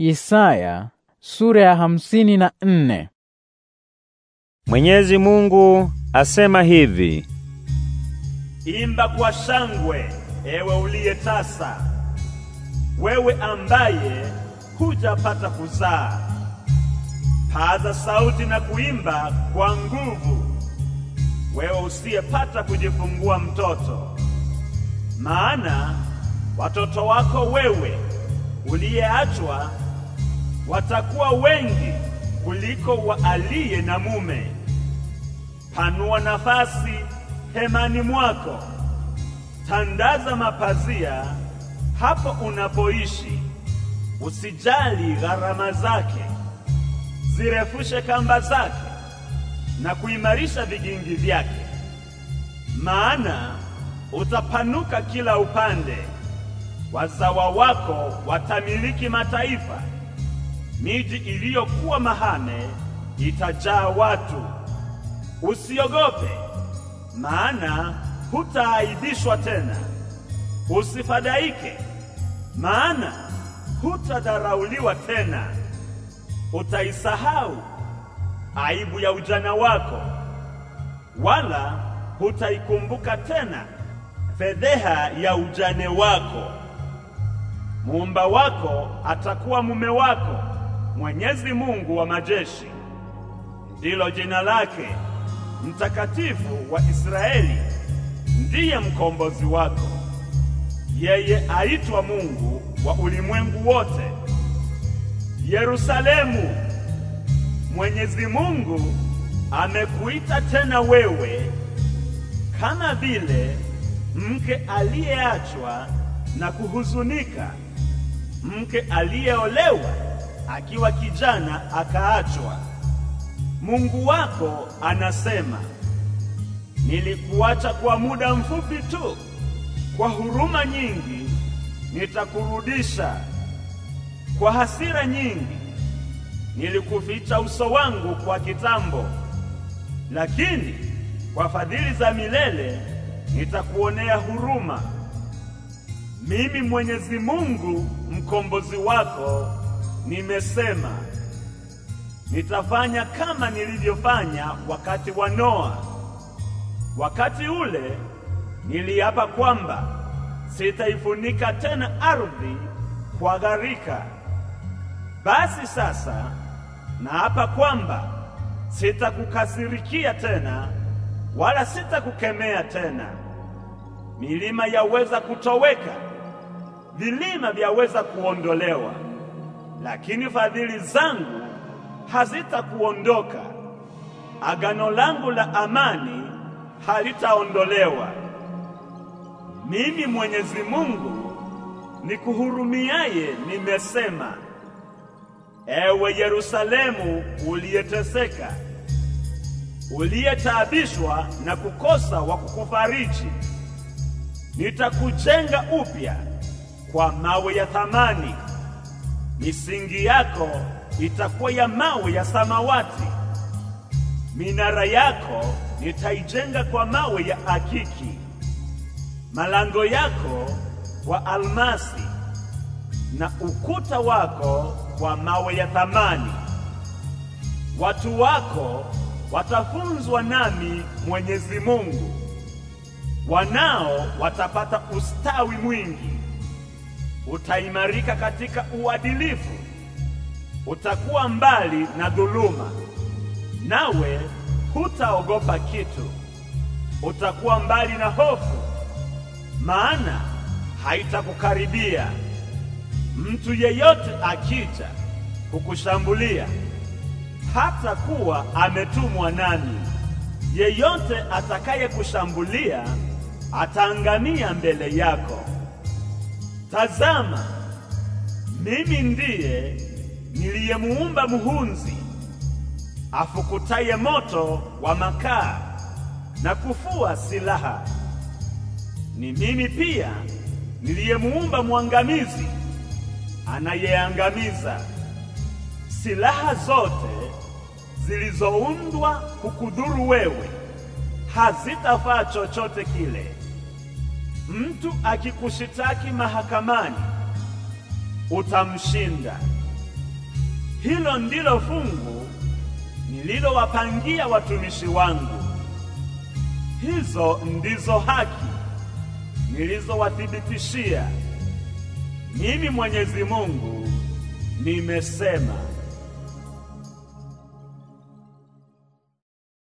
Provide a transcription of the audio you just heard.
Isaya sura ya hamsini na nne. Mwenyezi Mungu asema hivi: Imba kwa shangwe, ewe uliye tasa, wewe ambaye hujapata kuzaa. Paza sauti na kuimba kwa nguvu, wewe usiyepata kujifungua mtoto. Maana watoto wako wewe uliyeachwa watakuwa wengi kuliko wa aliye na mume. Panua nafasi hemani mwako, tandaza mapazia hapo unapoishi, usijali gharama zake. Zirefushe kamba zake na kuimarisha vigingi vyake, maana utapanuka kila upande. Wazawa wako watamiliki mataifa Miji iliyokuwa mahame itajaa watu. Usiogope, maana hutaaibishwa tena. Usifadhaike, maana hutadharauliwa tena. Utaisahau aibu ya ujana wako, wala hutaikumbuka tena fedheha ya ujane wako. Muumba wako atakuwa mume wako Mwenyezi Mungu wa majeshi ndilo jina lake, mtakatifu wa Israeli ndiye mkombozi wako. Yeye aitwa Mungu wa ulimwengu wote. Yerusalemu, Mwenyezi Mungu amekuita tena wewe kama vile mke aliyeachwa na kuhuzunika, mke aliyeolewa akiwa kijana akaachwa. Mungu wako anasema, nilikuacha kwa muda mfupi tu, kwa huruma nyingi nitakurudisha, kwa hasira nyingi nilikuficha uso wangu kwa kitambo, lakini kwa fadhili za milele nitakuonea huruma. Mimi Mwenyezi Mungu mkombozi wako nimesema nitafanya kama nilivyofanya wakati wa Noa. Wakati ule niliapa kwamba sitaifunika tena ardhi kwa gharika. Basi sasa naapa kwamba sitakukasirikia tena wala sitakukemea tena. Milima yaweza kutoweka, vilima vyaweza kuondolewa lakini fadhili zangu hazitakuondoka, agano langu la amani halitaondolewa. Mimi Mwenyezi Mungu nikuhurumiaye nimesema. Ewe Yerusalemu uliyeteseka, uliyetaabishwa na kukosa wa kukufariji, nitakujenga upya kwa mawe ya thamani misingi yako itakuwa ya mawe ya samawati, minara yako nitaijenga kwa mawe ya akiki, malango yako kwa almasi, na ukuta wako kwa mawe ya thamani. Watu wako watafunzwa nami Mwenyezi Mungu, wanao watapata ustawi mwingi utaimarika katika uadilifu, utakuwa mbali na dhuluma, nawe hutaogopa kitu. Utakuwa mbali na hofu, maana haitakukaribia. Mtu yeyote akija kukushambulia, hata kuwa ametumwa nani. Yeyote atakayekushambulia ataangamia mbele yako. Tazama, mimi ndiye niliyemuumba muhunzi afukutaye moto wa makaa na kufua silaha. Ni mimi pia niliyemuumba mwangamizi anayeangamiza. Silaha zote zilizoundwa kukudhuru wewe hazitafaa chochote kile Mtu akikushitaki mahakamani utamshinda. Hilo ndilo fungu nililowapangia watumishi wangu. Hizo ndizo haki nilizowathibitishia. Mimi Mwenyezi Mungu nimesema.